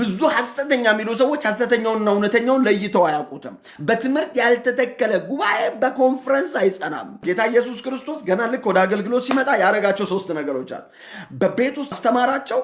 ብዙ ሐሰተኛ የሚሉ ሰዎች ሐሰተኛውንና እውነተኛውን ለይተው አያውቁትም። በትምህርት ያልተተከለ ጉባኤ በኮንፈረንስ አይጸናም። ጌታ ኢየሱስ ክርስቶስ ገና ልክ ወደ አገልግሎት ሲመጣ ያደረጋቸው ሶስት ነገሮች አሉ። በቤት ውስጥ አስተማራቸው፣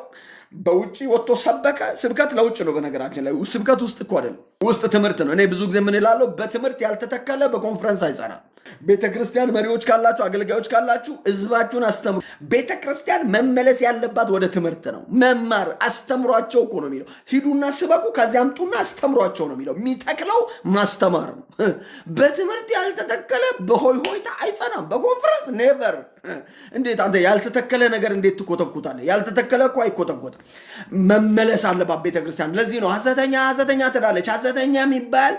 በውጭ ወጥቶ ሰበከ። ስብከት ለውጭ ነው። በነገራችን ላይ ስብከት ውስጥ እኮ አይደለም፣ ውስጥ ትምህርት ነው። እኔ ብዙ ጊዜ ምን እላለሁ፣ በትምህርት ያልተተከለ በኮንፈረንስ አይጸናም። ቤተ ክርስቲያን መሪዎች ካላችሁ፣ አገልጋዮች ካላችሁ ህዝባችሁን አስተምሩ። ቤተ ክርስቲያን መመለስ ያለባት ወደ ትምህርት ነው። መማር አስተምሯቸው እኮ ነው የሚለው። ሂዱና ስበኩ፣ ከዚያ አምጡና አስተምሯቸው ነው የሚለው። የሚተክለው ማስተማር ነው። በትምህርት ያልተተከለ በሆይ ሆይታ አይጸናም። በኮንፈረንስ ኔቨር። እንዴት አንተ ያልተተከለ ነገር እንዴት ትኮተኩታለህ? ያልተተከለ እኮ አይኮተኮትም። መመለስ አለባት ክርስቲያን። ለዚህ ነው ሐሰተኛ ሐሰተኛ ትላለች። ሐሰተኛ የሚባል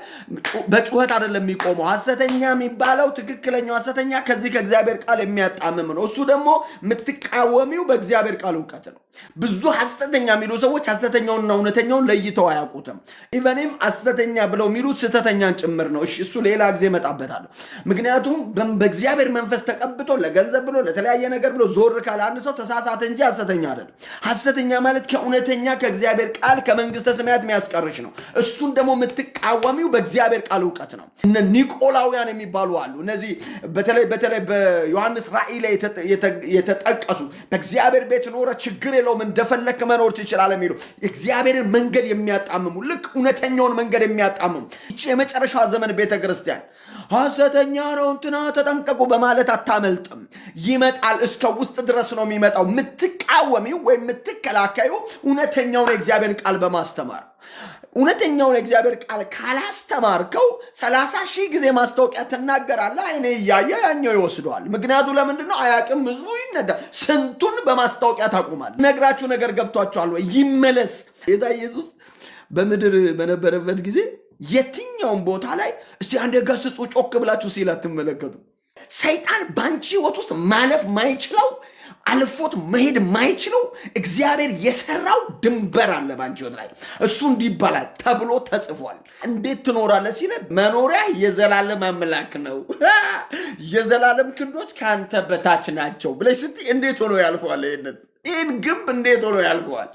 በጩኸት አይደለም የሚቆመው። ሐሰተኛ የሚባለው ትክክለኛው ሐሰተኛ ከዚህ ከእግዚአብሔር ቃል የሚያጣምም ነው። እሱ ደግሞ የምትቃወሚው በእግዚአብሔር ቃል እውቀት ነው። ብዙ ሐሰተኛ የሚሉ ሰዎች ሐሰተኛውንና እውነተኛውን ለይተው አያውቁትም። ኢቨኒም ሐሰተኛ ብለው የሚሉት ስህተተኛን ጭምር ነው። እሱ ሌላ ጊዜ እመጣበታለሁ። ምክንያቱም በእግዚአብሔር መንፈስ ተቀብቶ ለገንዘብ ብሎ ለተለያየ ነገር ብሎ ዞር ካለ አንድ ሰው ተሳሳተ እንጂ ሐሰተኛ አይደለም። ሐሰተኛ ማለት ከእውነተኛ ከእግዚአብሔር ቃል ከመንግስተ ሰማያት የሚያስቀርሽ ነው። እሱን ደግሞ የምትቃወሚው በእግዚአብሔር ቃል እውቀት ነው። እነ ኒቆላውያን የሚባሉ አሉ። እነዚህ በተለይ በተለይ በዮሐንስ ራእይ ላይ የተጠቀሱ በእግዚአብሔር ቤት ኖረ ችግር የለውም እንደፈለክ መኖር ትችላለ የሚሉ እግዚአብሔርን መንገድ የሚያጣምሙ ልክ እውነተኛውን መንገድ የሚያጣምሙ ይቺ የመጨረሻ ዘመን ቤተ ክርስቲያን ሐሰተኛ ነው እንትና ተጠንቀቁ በማለት አታመልጥም። ይመጣል፣ እስከ ውስጥ ድረስ ነው የሚመጣው። የምትቃወሚው ወይም የምትከላከዩ እውነተኛውን የእግዚአብሔርን ቃል በማስተማር እውነተኛውን የእግዚአብሔር ቃል ካላስተማርከው ሰላሳ ሺህ ጊዜ ማስታወቂያ ትናገራለህ። አይኔ እያየ ያኛው ይወስደዋል። ምክንያቱ ለምንድን ነው? አያቅም። ህዝቡ ይነዳል። ስንቱን በማስታወቂያ ታቁማል። ነግራችሁ ነገር ገብቷችኋል ወይ? ይመለስ። ጌታ ኢየሱስ በምድር በነበረበት ጊዜ የትኛውም ቦታ ላይ እስቲ አንድ ገስጹ ጮክ ብላችሁ ሲል አትመለከቱ። ሰይጣን በአንቺ ህይወት ውስጥ ማለፍ ማይችለው አልፎት መሄድ ማይችለው እግዚአብሔር የሰራው ድንበር አለ በአንቺ ላይ እሱ እንዲህ ይባላል ተብሎ ተጽፏል። እንዴት ትኖራለህ ሲለ መኖሪያ የዘላለም አምላክ ነው፣ የዘላለም ክንዶች ከአንተ በታች ናቸው ብለሽ ስቲ እንዴት ሆኖ ያልፈዋል ይሄንን ይህን ግንብ እንዴት ሆኖ ያልፈዋል?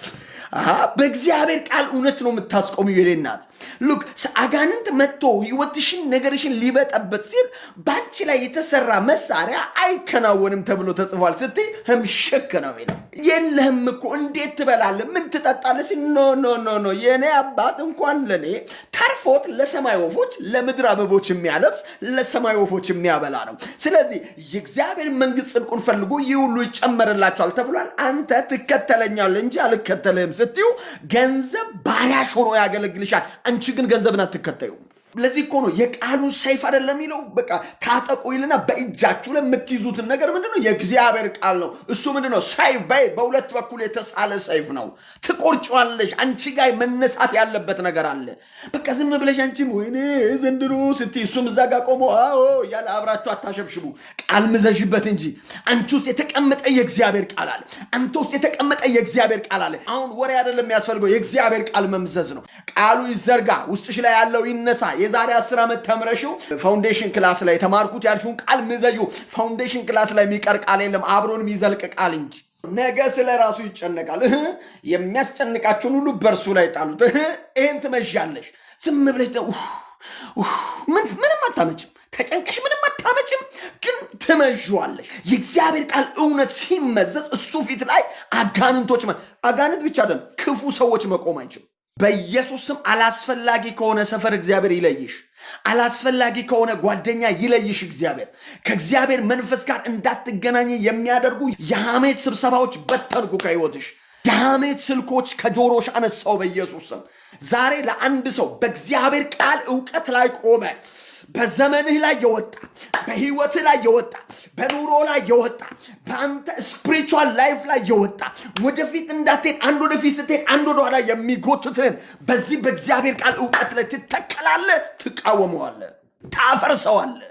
በእግዚአብሔር ቃል እውነት ነው የምታስቆሚው። የኔ እናት ሉክ አጋንንት መጥቶ ህይወትሽን ነገርሽን ሊበጠበት ሲል በአንቺ ላይ የተሰራ መሳሪያ አይከናወንም ተብሎ ተጽፏል ስትይ ህምሽክ ነው ይላል። የለህም እኮ እንዴት ትበላለ ምን ትጠጣለህ? ኖ ኖ ኖ ኖ የእኔ አባት እንኳን ለእኔ ቀርፎት ለሰማይ ወፎች ለምድር አበቦች የሚያለብስ ለሰማይ ወፎች የሚያበላ ነው። ስለዚህ የእግዚአብሔር መንግስት ጽድቁን ፈልጎ ይህ ሁሉ ይጨመርላቸዋል ተብሏል። አንተ ትከተለኛል እንጂ አልከተልህም ስትዩ ገንዘብ ባሪያሽ ሆኖ ያገለግልሻል። አንቺ ግን ገንዘብን አትከተዩም። ለዚህ እኮ ነው የቃሉን ሰይፍ አይደለም የሚለው። በቃ ታጠቁ ይልና በእጃችሁ ላይ የምትይዙትን ነገር ምንድን ነው? የእግዚአብሔር ቃል ነው። እሱ ምንድን ነው? ሰይፍ በይ በሁለት በኩል የተሳለ ሰይፍ ነው። ትቆርጫዋለሽ። አንቺ ጋር መነሳት ያለበት ነገር አለ። በቃ ዝም ብለሽ አንቺም ወይኔ ዘንድሮ ስትይ እሱም እዛ ጋር ቆሞ አዎ እያለ አብራችሁ አታሸብሽቡ። ቃል ምዘዥበት እንጂ አንቺ ውስጥ የተቀመጠ የእግዚአብሔር ቃል አለ። አንተ ውስጥ የተቀመጠ የእግዚአብሔር ቃል አለ። አሁን ወሬ አይደለም የሚያስፈልገው፣ የእግዚአብሔር ቃል መምዘዝ ነው። ቃሉ ይዘርጋ፣ ውስጥሽ ላይ ያለው ይነሳ የዛሬ አስር ዓመት ተምረሽው ፋውንዴሽን ክላስ ላይ ተማርኩት ያልሽውን ቃል ምዘዩ። ፋውንዴሽን ክላስ ላይ የሚቀር ቃል የለም፣ አብሮን የሚዘልቅ ቃል እንጂ ነገ ስለ ራሱ ይጨነቃል። የሚያስጨንቃቸውን ሁሉ በእርሱ ላይ ጣሉት። ይህን ትመዣለሽ። ዝም ብለሽ ምንም አታመጭም፣ ተጨንቀሽ ምንም አታመጭም፣ ግን ትመዥዋለሽ። የእግዚአብሔር ቃል እውነት ሲመዘዝ እሱ ፊት ላይ አጋንንቶች አጋንንት ብቻ አይደለም ክፉ ሰዎች መቆም አይችሉም። በኢየሱስ ስም አላስፈላጊ ከሆነ ሰፈር እግዚአብሔር ይለይሽ። አላስፈላጊ ከሆነ ጓደኛ ይለይሽ። እግዚአብሔር ከእግዚአብሔር መንፈስ ጋር እንዳትገናኝ የሚያደርጉ የሐሜት ስብሰባዎች በተንኩ ከሕይወትሽ። የሐሜት ስልኮች ከጆሮሽ አነሳው በኢየሱስ ስም። ዛሬ ለአንድ ሰው በእግዚአብሔር ቃል እውቀት ላይ ቆመ በዘመንህ ላይ የወጣ በህይወትህ ላይ የወጣ በኑሮ ላይ የወጣ በአንተ ስፕሪቹዋል ላይፍ ላይ የወጣ ወደፊት እንዳትሄድ አንድ ወደፊት ስትሄድ አንድ ወደኋላ የሚጎትትህን በዚህ በእግዚአብሔር ቃል እውቀት ላይ ትተከላለህ፣ ትቃወመዋለህ፣ ታፈርሰዋለህ።